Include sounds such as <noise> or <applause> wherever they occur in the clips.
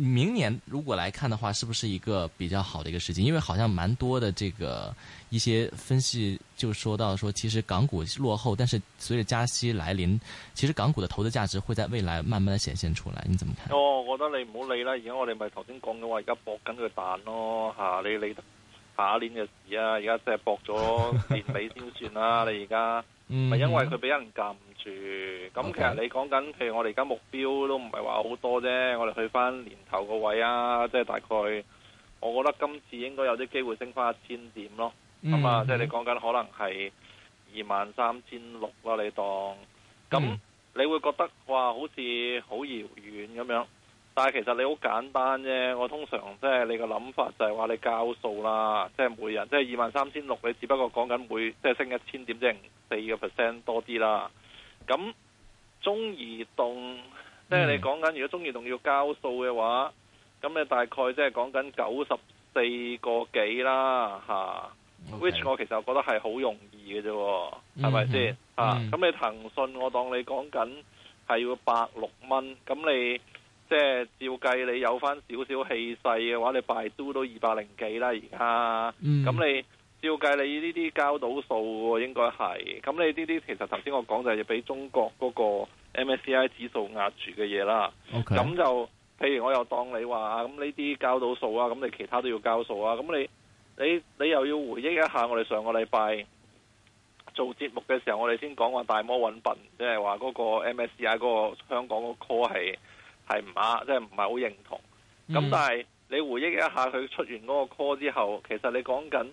明年如果來看的話，是不是一個比較好的一個時機？因為好像蠻多的這個一些分析就說到說，其實港股落後，但是隨着加息來臨，其實港股的投資價值會在未來慢慢的顯現出來。你怎麼看？哦，我覺得你唔好理啦，而家我哋咪頭先講嘅話，而家搏緊佢彈咯，吓、啊、你理下一年嘅事啊！而家即係搏咗年尾先算啦， <laughs> 你而家咪因為佢俾人撳。咁，其實你講緊，譬如我哋而家目標都唔係話好多啫。我哋去翻年頭個位啊，即係大概我覺得今次應該有啲機會升翻一千點咯。咁啊、mm，即係你講緊可能係二萬三千六咯，嗯、你當咁你會覺得哇，好似好遙遠咁樣。但係其實你好簡單啫。我通常即係你個諗法就係話你教數啦，即係每人，即係二萬三千六，你只不過講緊每即係升一千點，即係四個 percent 多啲啦。咁中移動，即係你講緊，如果中移動要交數嘅話，咁、mm hmm. 你大概即係講緊九十四個幾啦，吓 Okay. Which 我其實我覺得係好容易嘅啫，係咪先？吓？咁你騰訊，我當你講緊係要百六蚊，咁你即係、就是、照計，你有翻少少氣勢嘅話，你擺都都二百零幾啦，而家。咁、mm hmm. 你。照計，你呢啲交到數應該係咁。你呢啲其實頭先我講就係要俾中國嗰個 MSCI 指數壓住嘅嘢啦。咁 Okay. 就譬如我又當你話咁呢啲交到數啊，咁你其他都要交數啊。咁你你，你又要回憶一下我哋上個禮拜做節目嘅時候，我哋先講話大摩揾笨，即係話嗰個 MSCI 嗰個香港個 call 係係唔啱，即係唔係好認同。咁、嗯、但係你回憶一下佢出完嗰個 call 之後，其實你講緊。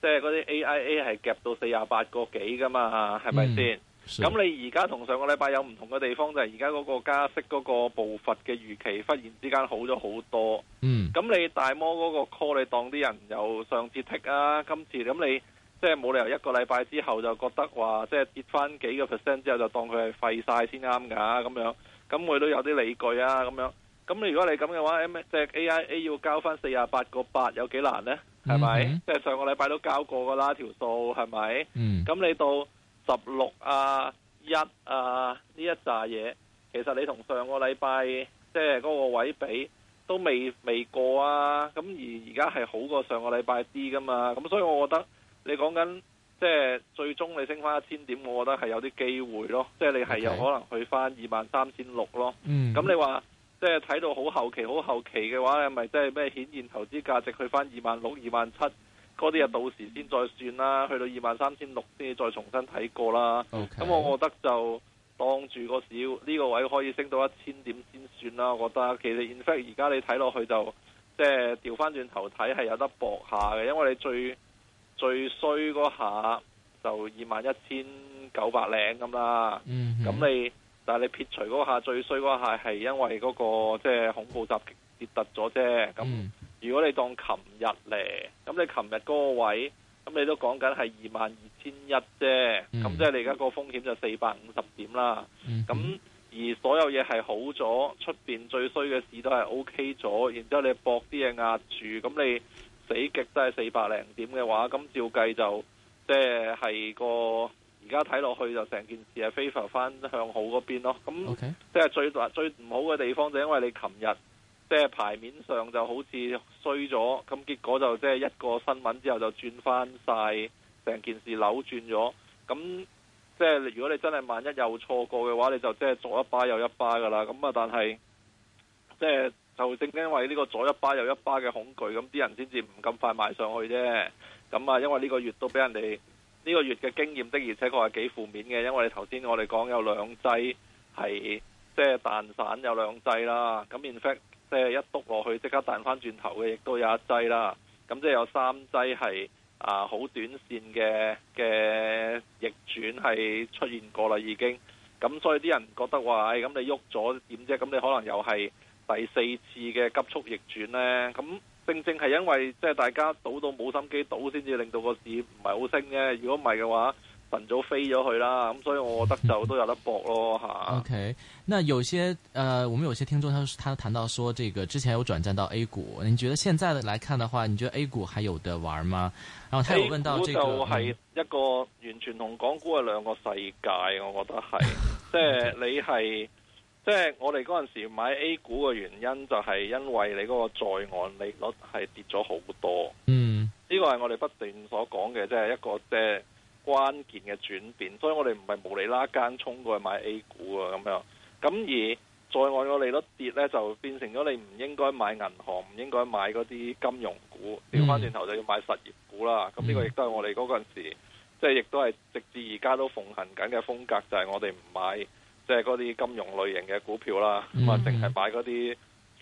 即係嗰啲 AIA 係夾到四十八個幾㗎嘛，係咪先？咁吧你而家同上個禮拜有唔同嘅地方就係而家嗰個加息嗰個步伐嘅預期，忽然之間好咗好多。嗯，咁你大摩嗰個 call 你當啲人又上次剔啊，今次咁你即係冇理由一個禮拜之後就覺得話即係跌翻幾個 percent 之後就當佢係廢晒先啱㗎咁樣，咁佢都有啲理據啊咁樣。咁你如果你咁嘅話，M 即係 A.I.A. 要交翻四十八個八有幾難呢？係咪、mm hmm.？即係上個禮拜都交過噶啦條數，係咪？嗯。咁、mm hmm. 你到十六啊、啊一啊呢一扎嘢，其實你同上個禮拜即係嗰個位比都未未過啊。咁而而家係好過上個禮拜啲噶嘛。咁所以我覺得你講緊即係最終你升翻一千點，我覺得係有啲機會咯。即係你係有可能去翻二萬三千六咯。嗯。咁你話？即係睇到好後期，好後期嘅話，咪即係咩顯現投資價值去翻二萬六、二萬七嗰啲啊，到時先再算啦。去到二萬三千六先再重新睇過啦。咁 Okay. 我覺得就當住個市呢個位可以升到一千點先算啦。我覺得其實 in fact 而家你睇落去就即係調翻轉頭睇係有得搏下嘅，因為你最最衰嗰下就二萬一千九百零咁啦。咁、mm hmm. 你。但係你撇除嗰下最衰嗰下，係因為嗰、那個即係、就是、恐怖襲擊跌突咗啫。咁如果你當琴日嚟，咁你琴日嗰個位，咁你都講緊係二萬二千一啫。咁即係你而家個風險就四百五十點啦。咁而所有嘢係好咗，出邊最衰嘅市都係 O K 咗，然之後你搏啲嘢壓住，咁你死極都係四百零點嘅話，咁照計就即、是、係、就是、個。而家睇落去就成件事係非常翻向好嗰邊咯，咁 Okay. 即係最大最唔好嘅地方就因為你琴日即係牌面上就好似衰咗，咁結果就即係一個新聞之後就轉翻晒成件事扭轉咗，咁即係如果你真係萬一又錯過嘅話你就即係左一巴右一巴噶啦，咁啊但係，即係就正因為呢個左一巴右一巴嘅恐懼，咁啲人先至唔咁快埋上去啫，咁啊因為呢個月都俾人哋。呢個月嘅經驗的，而且確係幾負面嘅。因為頭先我哋講有兩劑係即係彈散，有兩劑啦，咁 in fact 即係一篤落去即刻彈翻轉頭嘅，亦都有一劑啦，咁即係有三劑係啊好短線嘅嘅逆轉係出現過啦已經，咁所以啲人覺得話：「哎，咁你喐咗點啫？咁你可能又係第四次嘅急速逆轉呢？」咁正正係因為即係大家賭到冇心機賭，先至令到個市唔係好升嘅。如果唔係嘅話，晨早飛咗去啦。咁所以我覺得就都有得搏咯吓。嗯啊、okay，那有些、呃、我們有些聽眾，他他談到說，這個之前有轉戰到 A 股，你覺得現在的來看的話，你覺得 A 股還有得玩嗎？然後他有問到這個。A 股就係一個完全同港股係兩個世界，我覺得係，即係、嗯、你係。即係我哋嗰陣時買 A 股嘅原因，就係因為你嗰個在岸利率係跌咗好多。嗯，呢個係我哋不斷所講嘅，即係一個即係關鍵嘅轉變。所以我哋唔係無厘啦間衝過去買 A 股啊，咁樣。咁而在岸嗰利率跌呢，就變成咗你唔應該買銀行，唔應該買嗰啲金融股。調翻轉頭就要買實業股啦。嗯，咁呢個亦都係我哋嗰陣時，即係亦都係直至而家都奉行緊嘅風格，就係我哋唔買。即係嗰啲金融類型嘅股票啦，咁啊淨係買嗰啲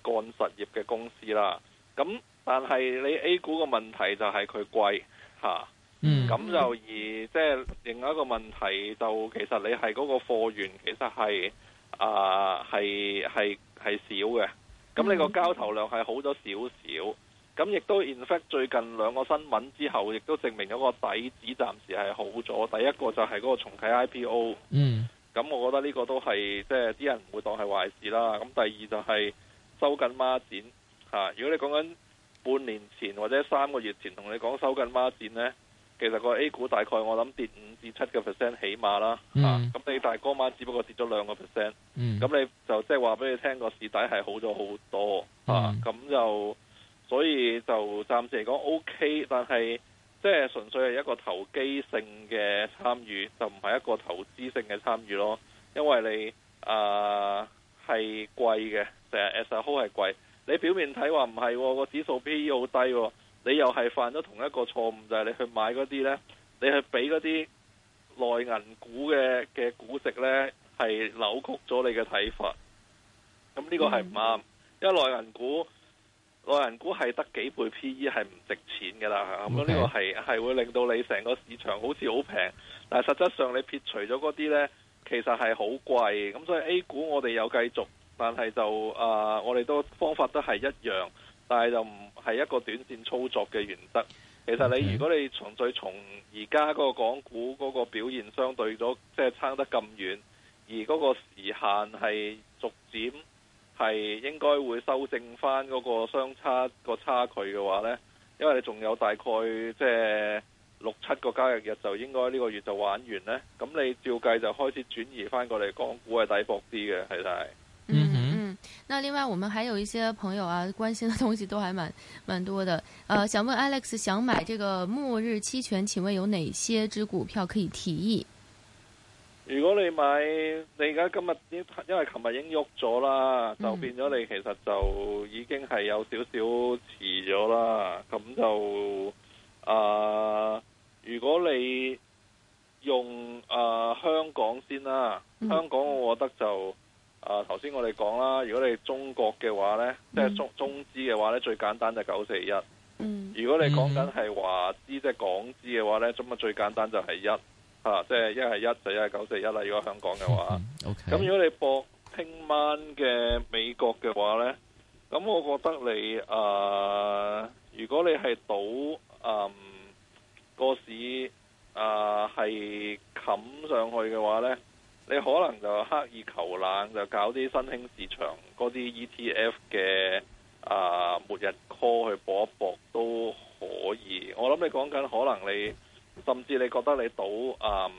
幹實業嘅公司啦。咁但係你 A 股嘅問題就係佢貴嚇，咁、啊 mm hmm. 就而即係、就是、另外一個問題就其實你係嗰個貨源其實係啊係係係少嘅。咁你個交投量係好咗少少。咁亦都 in fact 最近兩個新聞之後，亦都證明嗰個底子暫時係好咗。第一個就係嗰個重啟 IPO、mm。Hmm. 咁我覺得呢個都係即係啲人唔會當係壞事啦。咁第二就係收緊孖展嚇、啊。如果你講緊半年前或者三個月前同你講收緊孖展呢，其實個 A 股大概我諗跌五至七個 percent 起碼啦。嚇、啊，咁、嗯啊、你大哥媽只不過跌咗兩個 percent。嗯。咁你就即係話俾你聽，個市底係好咗好多嚇。咁、啊嗯啊、就所以就暫時嚟講 OK，但係。即係純粹係一個投機性嘅參與，就唔係一個投資性嘅參與咯。因為你啊係、呃、貴嘅，成日 as a whole 係貴。你表面睇話唔係個指數 P/E 好低，你又係犯咗同一個錯誤，就係、是、你去買嗰啲呢，你去俾嗰啲內銀股嘅嘅估值呢，係扭曲咗你嘅睇法。咁、嗯、呢個係唔啱，因為內銀股。個人估係得幾倍 P/E 係唔值錢㗎啦，咁樣呢個係係會令到你成個市場好似好平，但係實質上你撇除咗嗰啲呢，其實係好貴。咁所以 A 股我哋有繼續，但係就啊、呃，我哋都方法都係一樣，但係就唔係一個短線操作嘅原則。其實你 Okay. 如果你純粹從而家個港股嗰個表現相對咗，即係差得咁遠，而嗰個時限係逐漸。係應該會修正翻嗰個相差、那個差距嘅話呢？因為你仲有大概即係六七個交易日就應該呢個月就玩完呢。咁你照計就開始轉移翻過嚟港股係抵博啲嘅係咪？是是嗯嗯，那另外我們還有一些朋友啊，關心的東西都還蠻蠻多的。呃，想問 Alex，想買這個末日期權，請問有哪些支股票可以提議？如果你買，你而家今日因因為琴日已經喐咗啦，就變咗你其實就已經係有少少遲咗啦。咁就啊、呃，如果你用啊、呃、香港先啦，香港我覺得就啊頭先我哋講啦，如果你中國嘅話呢，即係中中資嘅話呢，最簡單就九四一。嗯，如果你講緊係華資即係、就是、港資嘅話呢，咁啊最簡單就係一。嚇，uh, 即係一係一就一係九四一啦。1, 9, 4, 1, 如果香港嘅話，咁 <noise> Okay. 如果你博聽晚嘅美國嘅話呢，咁我覺得你啊、呃，如果你係賭嗯個市係冚、呃、上去嘅話呢，你可能就刻意求冷，就搞啲新興市場嗰啲 ETF 嘅啊、呃、末日 call 去博一博都可以。我諗你講緊可能你。甚至你覺得你賭啊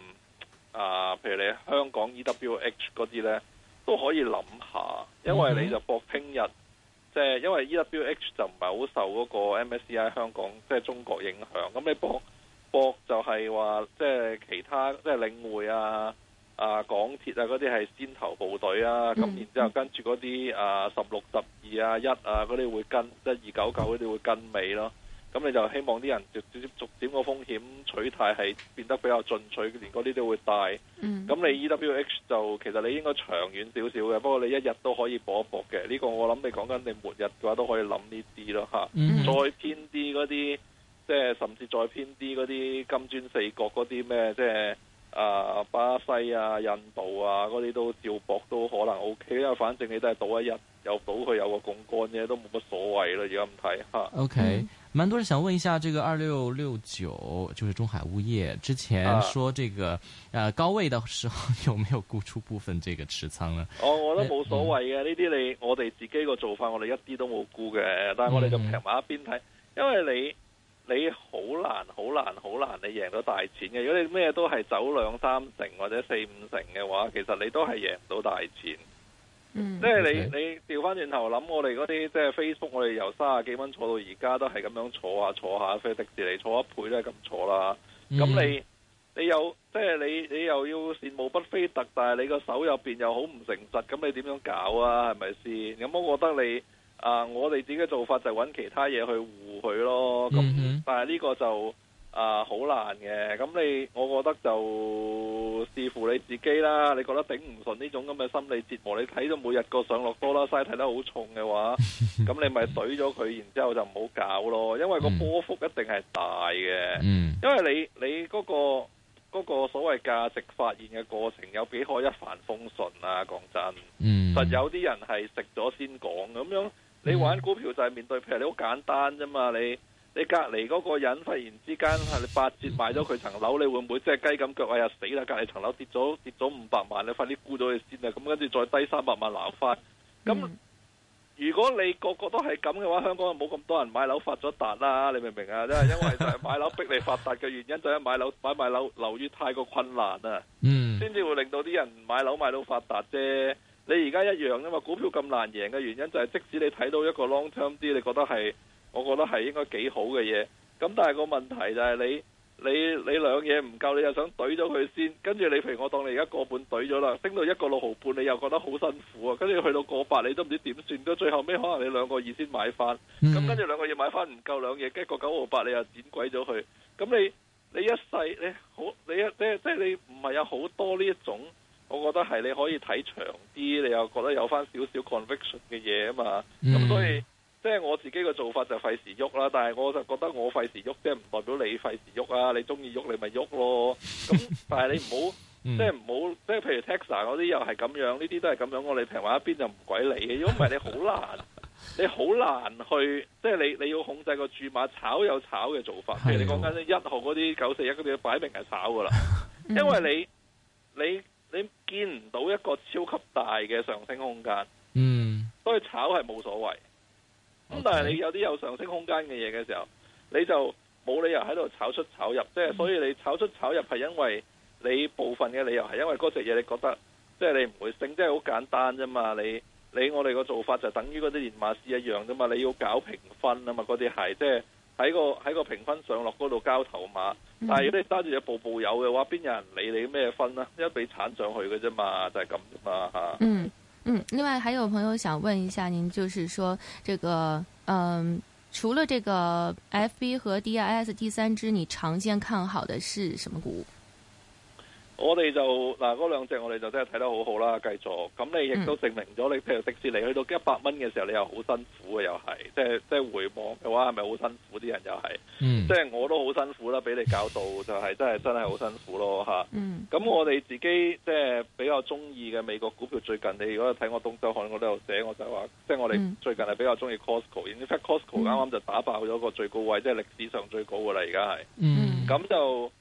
啊，譬如你香港 EWH 啲呢，都可以諗下，因為你就博聽日，即係因為 EWH 就唔係好受嗰個 MSCI 香港即係中國影響。咁你博博就係話，即係其他即係領匯啊、啊港鐵啊嗰啲係先頭部隊啊，咁然之後跟住嗰啲啊十六十二啊一啊嗰啲會跟一二九九嗰啲會跟尾咯。咁你就希望啲人逐逐逐點個風險取態係變得比較進取，連嗰啲都會大。咁、嗯、你 EWH 就其實你應該長遠少少嘅，不過你一日都可以搏一搏嘅。呢、這個我諗你講緊你末日嘅話都可以諗呢啲咯吓，嗯、再偏啲嗰啲，即係甚至再偏啲嗰啲金磚四國嗰啲咩，即係。啊，巴西啊，印度啊，嗰啲都照博都可能 O、OK, K，因為反正你都係賭一日，有賭佢有個槓桿啫，都冇乜所謂啦，而家唔睇吓。O K，蠻多人想問一下，這個二六六九就是中海物業之前說這個，誒、啊啊、高位的時候有沒有沽出部分這個持倉呢？哦、啊，我都冇所謂嘅，呢啲、嗯、你我哋自己個做法，我哋一啲都冇沽嘅，但係我哋就平埋一邊睇，因為你。嗯你好難好難好難，你贏到大錢嘅。如果你咩都係走兩三成或者四五成嘅話，其實你都係贏唔到大錢。即係、嗯、你 Okay. 你調翻轉頭諗，我哋嗰啲即係、就是、Facebook，我哋由卅幾蚊坐到而家都係咁樣坐下坐下，譬如迪士尼坐一倍都係咁坐啦。咁、嗯、你你又即係、就是、你你又要羨慕不菲特，但係你個手入邊又好唔誠實，咁你點樣搞啊？係咪先？咁我覺得你。啊！我哋自己嘅做法就揾其他嘢去護佢咯。咁、啊、但係呢個就啊好難嘅。咁你我覺得就視乎你自己啦。你覺得頂唔順呢種咁嘅心理折磨，你睇到每日個上落多啦，晒睇得好重嘅話，咁 <laughs> 你咪懟咗佢，然之後就唔好搞咯。因為個波幅一定係大嘅。 <laughs> 因為你你嗰個嗰個所謂價值發現嘅過程有幾可一帆風順啊？講真，實 <laughs> 有啲人係食咗先講咁樣。你玩股票就係面對，譬如你好簡單啫嘛，你你隔籬嗰個人忽然之間你八折賣咗佢層樓，你會唔會即係雞咁腳？哎呀，死啦！隔籬層樓跌咗跌咗五百萬，你快啲沽咗佢先啊！咁跟住再低三百萬撈翻。咁如果你個個都係咁嘅話，香港就冇咁多人買樓發咗達啦，你明唔明啊？即係 <laughs> 因為就係買樓逼你發達嘅原因，就係、是、買樓買賣樓樓宇太過困難啊，嗯，先至會令到啲人買樓買到發達啫。你而家一樣啫嘛，股票咁難贏嘅原因就係即使你睇到一個 long term 啲，你覺得係，我覺得係應該幾好嘅嘢。咁但係個問題就係你你你兩嘢唔夠，你又想懟咗佢先。跟住你譬如我當你而家個半懟咗啦，升到一個六毫半，你又覺得好辛苦啊。跟住去到個八，你都唔知點算。到最後尾可能你兩個二先買翻，咁跟住兩個月買翻唔夠兩嘢，跟住個九毫八你又剪鬼咗佢。咁你你一世你好，你即係即係你唔係有好多呢一種。我覺得係你可以睇長啲，你又覺得有翻少少 conviction 嘅嘢啊嘛，咁所以即係我自己嘅做法就費時喐啦。但係我就覺得我費時喐，即係唔代表你費時喐啊。你中意喐你咪喐咯。咁但係你唔好即係唔好即係譬如 Texas 嗰、er、啲又係咁樣，呢啲都係咁樣。我哋平時一邊就唔鬼理嘅。如果唔係你好難， <laughs> 你好難去即係、就是、你你要控制個注碼炒有炒嘅做法。譬、哦、如你講緊一號嗰啲九四一嗰啲，擺明係炒噶啦， <laughs> 嗯、因為你你。你你見唔到一個超級大嘅上升空間，嗯、所以炒係冇所謂。咁 Okay. 但係你有啲有上升空間嘅嘢嘅時候，你就冇理由喺度炒出炒入，即、就、係、是、所以你炒出炒入係因為你部分嘅理由係因為嗰隻嘢你覺得即係、就是、你唔會升，即係好簡單啫嘛。你你我哋個做法就等於嗰啲練馬師一樣啫嘛。你要搞評分啊嘛，嗰啲係即係。就是喺個喺個評分上落嗰度交頭馬，但係如果你揸住隻步步有嘅話，邊有人理你咩分啊？一俾剷上去嘅啫嘛，就係咁啫嘛嚇。嗯嗯，另外還有朋友想問一下您，就是說這個嗯、呃，除了這個 FB 和 DIS 第三支，你常見看好的是什麼股？我哋就嗱嗰兩隻，我哋就真係睇得好好啦，繼續。咁你亦都證明咗，你譬如迪士尼去到一百蚊嘅時候，你又好辛苦嘅，又係即係即係回望嘅話，係咪好辛苦啲人又係？嗯、即係我都好辛苦啦，俾你搞到就係、是、真係真係好辛苦咯嚇。咁、啊嗯、我哋自己即係比較中意嘅美國股票，最近你如果睇我東周刊我呢度寫，我就話即係我哋最近係比較中意 Costco，而且 Costco 啱啱就打爆咗個最高位，即係歷史上最高嘅啦，而家係。咁、嗯嗯、就。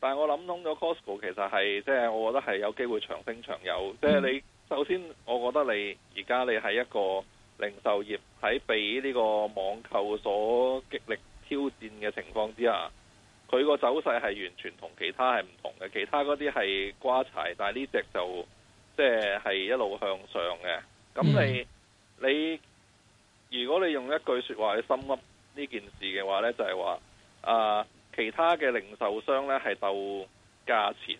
但係我諗通咗，Costco 其實係即係我覺得係有機會長升長有。即係你首先，我覺得你而家你係一個零售業喺被呢個網購所極力挑戰嘅情況之下，佢個走勢係完全同其他係唔同嘅。其他嗰啲係瓜柴，但係呢隻就即係係一路向上嘅。咁你、嗯、你如果你用一句説話去深噏呢件事嘅話呢，就係話啊。呃其他嘅零售商呢，係鬥價錢，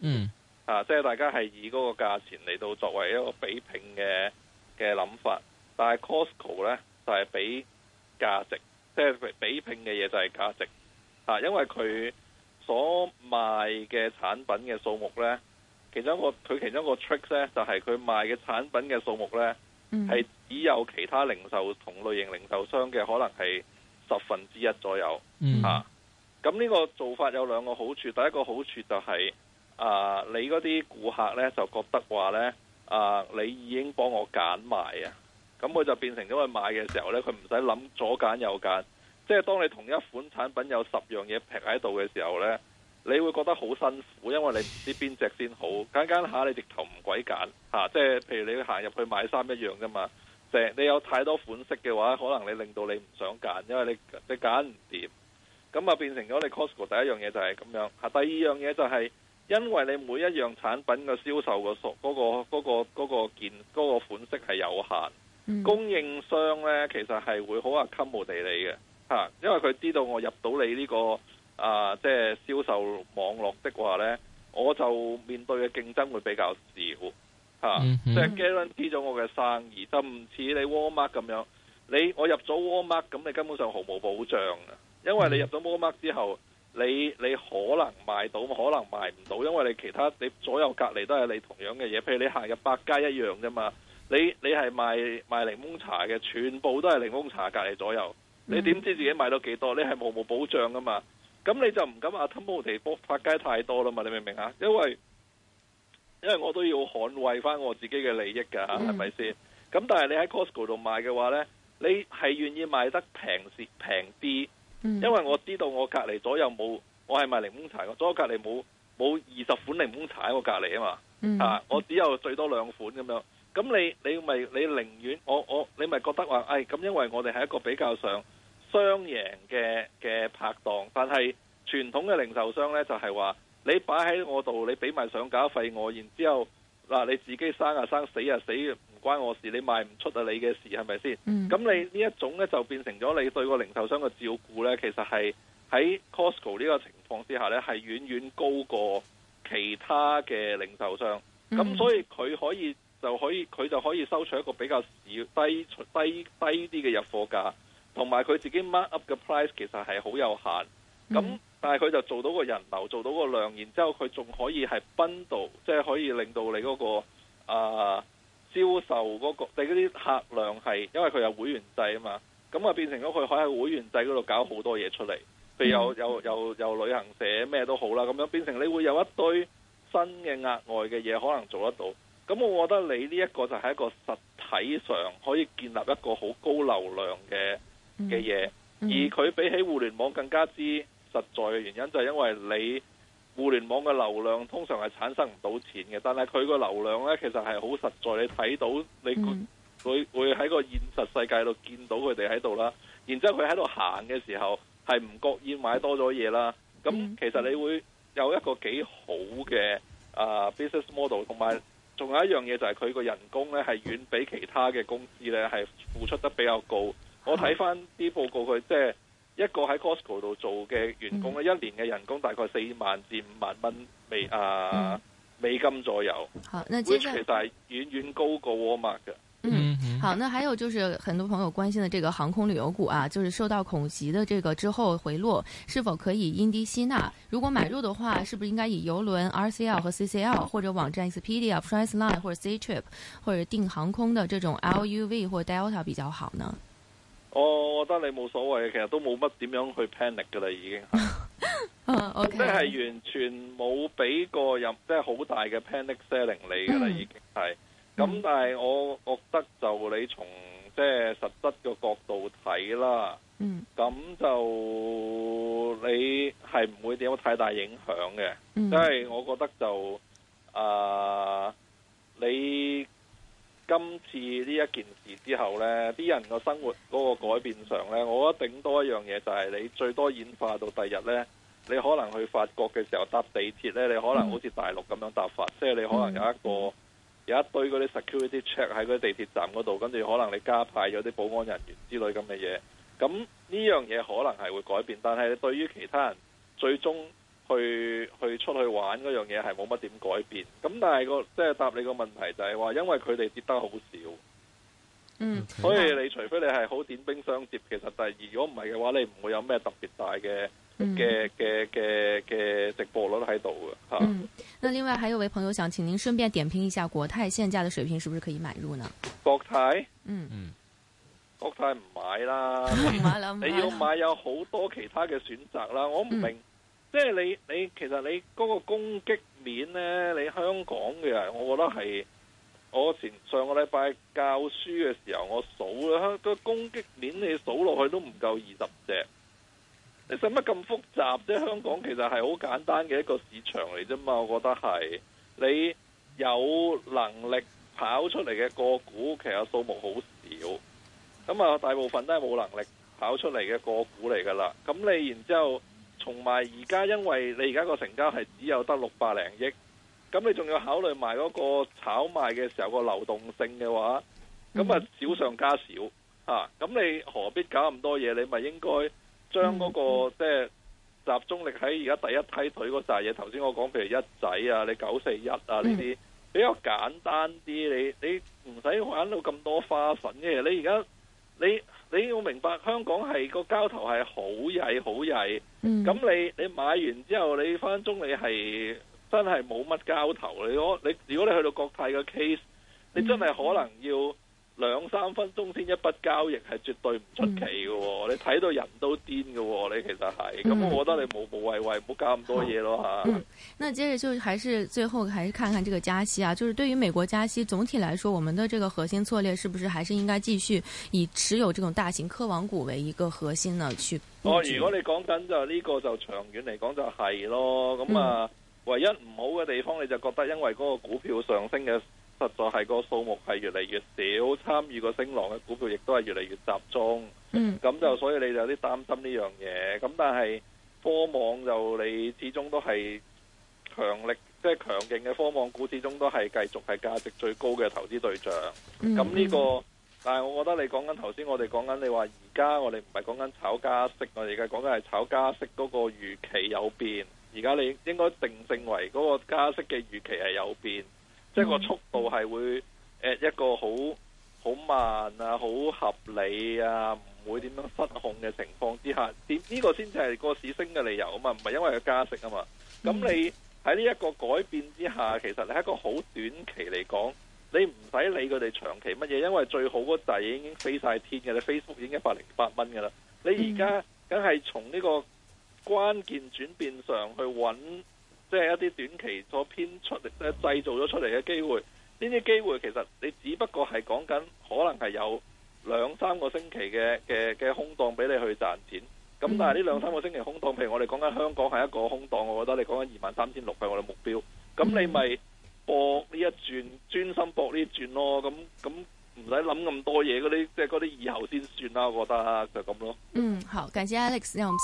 嗯啊，即係大家係以嗰個價錢嚟到作為一個比拼嘅嘅諗法。但係 Costco 呢，就係、是、比價值，即係比，比拼嘅嘢就係價值嚇、啊。因為佢所賣嘅產品嘅數目呢，其中一個佢其中一個 trick 呢，就係、是、佢賣嘅產品嘅數目呢，係、嗯、只有其他零售同類型零售商嘅可能係十分之一左右嚇。嗯啊。咁呢個做法有兩個好處，第一個好處就係啊，你嗰啲顧客呢，就覺得話呢，啊，你已經幫我揀埋啊，咁佢就變成咗佢買嘅時候呢，佢唔使諗左揀右揀，即係當你同一款產品有十樣嘢劈喺度嘅時候呢，你會覺得好辛苦，因為你唔知邊隻先好，揀揀下你直頭唔鬼揀吓，即係譬如你行入去買衫一樣㗎嘛，你有太多款式嘅話，可能你令到你唔想揀，因為你你揀唔掂。咁啊，就變成咗你 Costco 第一樣嘢就係咁樣嚇。第二樣嘢就係、是、因為你每一樣產品嘅銷售個數、嗰個、那個那個那個、件、嗰、那個、款式係有限，嗯、供應商呢其實係會好話襟無地利嘅嚇，因為佢知道我入到你呢、這個啊，即、就、係、是、銷售網絡的話呢，我就面對嘅競爭會比較少嚇，即、啊、係、嗯嗯、guarantee 咗我嘅生意，就唔似你 Walmart 咁樣，你我入咗 Walmart 咁，你根本上毫無保障啊。因為你入咗摩 mark 之後，你你可能賣到，可能賣唔到，因為你其他你左右隔離都係你同樣嘅嘢，譬如你行入百佳一樣啫嘛。你你係賣賣檸檬茶嘅，全部都係檸檬茶隔離左右。你點知自己買到幾多？你係冇冇保障噶嘛。咁你就唔敢話 Tommy l e 地百佳太多啦嘛。你明唔明啊？因為因為我都要捍衞翻我自己嘅利益㗎，係咪先？咁但係你喺 Costco 度買嘅話呢，你係願意買得平啲平啲。因為我知道我隔離左右冇，我係賣檸檬茶嘅，左右隔離冇冇二十款檸檬茶喺我隔離啊嘛，嗯、啊我只有最多兩款咁樣，咁你你咪你寧願我我你咪覺得話，誒、哎、咁因為我哋係一個比較上雙贏嘅嘅拍檔，但係傳統嘅零售商呢，就係話你擺喺我度，你俾埋上，上架費我，然之後嗱、啊、你自己生啊生死啊死。唔關我事，你賣唔出啊！是是嗯、你嘅事係咪先？咁你呢一種呢，就變成咗你對個零售商嘅照顧呢。其實係喺 Costco 呢個情況之下呢，係遠遠高過其他嘅零售商。咁、嗯、所以佢可以就可以佢就可以收取一個比較低低低啲嘅入貨價，同埋佢自己 mark up 嘅 price 其實係好有限。咁、嗯、但係佢就做到個人流，做到個量，然之後佢仲可以係 bundle，即係可以令到你嗰、那個啊。呃銷售嗰、嗰個，即嗰啲客量係，因為佢有會員制啊嘛，咁啊變成咗佢喺會員制嗰度搞好多嘢出嚟，譬如有、嗯、有有，有旅行社咩都好啦，咁樣變成你會有一堆新嘅額外嘅嘢可能做得到，咁我覺得你呢一個就係一個實體上可以建立一個好高流量嘅嘅嘢，而佢比起互聯網更加之實在嘅原因就係因為你。互聯網嘅流量通常係產生唔到錢嘅，但係佢個流量呢，其實係好實在，你睇到你、mm hmm。會會喺個現實世界度見到佢哋喺度啦。然之後佢喺度行嘅時候係唔覺意買多咗嘢啦。咁、mm hmm。其實你會有一個幾好嘅啊、呃、business model，同埋仲有一樣嘢就係佢個人工呢係遠比其他嘅公司呢係付出得比較高。Mm hmm。我睇翻啲報告佢即係。一個喺 Costco 度做嘅員工咧，嗯、一年嘅人工大概四萬至五萬蚊美啊、呃嗯、美金左右好，那 i c 其實係遠遠高過 Walmart 嘅。嗯，好。那還有就是很多朋友關心的這個航空旅遊股啊，就是受到恐襲的這個之後回落，是否可以因低吸納？如果買入的話，是不是應該以郵輪 RCL 和 CCL 或者網站 Expedia、Priceline 或者 Ctrip 或者定航空的這種 LUV 或 Delta 比較好呢？我覺得你冇所謂，其實都冇乜點樣去 panic 㗎喇，已經係、 <laughs> 啊 okay.，即係完全冇俾過任，即係好大嘅 panic selling 你㗎喇，嗯、已經係。咁但係我覺得就你從即係實質個角度睇啦，咁、嗯、就你係唔會有太大影響嘅，嗯、即係我覺得就啊、呃、你。今次呢一件事之後咧，啲人個生活嗰個改變上咧，我覺得頂多一樣嘢就係你最多演化到第日咧，你可能去法國嘅時候搭地鐵咧，你可能好似大陸咁樣搭法，嗯、即係你可能有一個有一堆嗰啲 security check 喺嗰啲地鐵站嗰度，跟住可能你加派咗啲保安人員之類咁嘅嘢。咁呢樣嘢可能係會改變，但係對於其他人最終。去去出去玩嗰樣嘢係冇乜點改變，咁但係個即係答你個問題就係話，因為佢哋跌得好少，嗯，所以你、嗯、除非你係好點兵相接，其實第、就、二、是、如果唔係嘅話，你唔會有咩特別大嘅嘅嘅嘅嘅直播率喺度嘅吓。啊、嗯，那另外還有位朋友想，請您順便點評一下國泰現價嘅水平，是不是可以買入呢？國泰，嗯嗯，國泰唔買啦， <laughs> 買，買你要買有好多其他嘅選擇啦，我唔明、嗯。即係你，你其實你嗰個攻擊面呢？你香港嘅人，我覺得係我前上個禮拜教書嘅時候，我數啦，嗰個攻擊面你數落去都唔夠二十隻。你使乜咁複雜？即係香港其實係好簡單嘅一個市場嚟啫嘛。我覺得係你有能力跑出嚟嘅個股，其實數目好少。咁啊，大部分都係冇能力跑出嚟嘅個股嚟噶啦。咁你然之後。同埋而家，因為你而家個成交係只有得六百零億，咁你仲要考慮埋嗰個炒賣嘅時候個流動性嘅話，咁啊少上加少嚇。咁、mm hmm. 啊、你何必搞咁多嘢？你咪應該將嗰、嗰個、mm hmm. 即係集中力喺而家第一梯隊嗰扎嘢。頭先我講，譬如一仔啊，你九四一啊呢啲、mm hmm. 比較簡單啲。你你唔使玩到咁多花粉嘅嘢。你而家。你你要明白香港係、個交投係好曳好曳，咁、嗯、你你買完之後，你翻中你係真係冇乜交投，你可你如果你去到國泰嘅 case，你真係可能要。嗯兩三分鐘先一筆交易係絕對唔出奇嘅喎、哦，嗯、你睇到人都癲嘅喎，你其實係咁，嗯、我覺得你無無謂唔好加咁多嘢咯吓，嗯，那接着就係，是最後，還是看看這個加息啊。就是對於美國加息，總體來說，我們的這個核心策略是不是還是應該繼續以持有這種大型科網股為一個核心呢？去哦、嗯嗯啊，如果你講緊就呢、是這個就長遠嚟講就係咯，咁啊、嗯、唯一唔好嘅地方你就覺得因為嗰個股票上升嘅。實在係個數目係越嚟越少，參與個升浪嘅股票亦都係越嚟越集中。嗯，咁就所以你就有啲擔心呢樣嘢。咁但係科網就你始終都係強力，即係強勁嘅科網股始終都係繼續係價值最高嘅投資對象。咁呢、嗯呢個，但係我覺得你講緊頭先，我哋講緊你話而家我哋唔係講緊炒加息，我哋而家講緊係炒加息嗰個預期有變。而家你應該定性為嗰個加息嘅預期係有變。嗯、即係個速度係會誒一個好好慢啊，好合理啊，唔會點樣失控嘅情況之下，呢、這、呢個先至係個市升嘅理由啊嘛，唔係因為佢加息啊嘛。咁你喺呢一個改變之下，其實你喺一個好短期嚟講，你唔使理佢哋長期乜嘢，因為最好嗰底已經飛晒天嘅你、嗯、Facebook 已經一百零八蚊嘅啦。你而家梗係從呢個關鍵轉變上去揾。即係一啲短期所編出、嚟，製造咗出嚟嘅機會，呢啲機會其實你只不過係講緊可能係有兩三個星期嘅嘅嘅空檔俾你去賺錢。咁但係呢兩三個星期空檔，譬如我哋講緊香港係一個空檔，我覺得你講緊二萬三千六係我哋目標。咁、嗯、你咪博呢一轉，專心博呢一轉咯。咁咁唔使諗咁多嘢，嗰啲即係嗰啲以後先算啦。我覺得就咁、是、咯。嗯，好，感謝 Alex，讓、嗯、我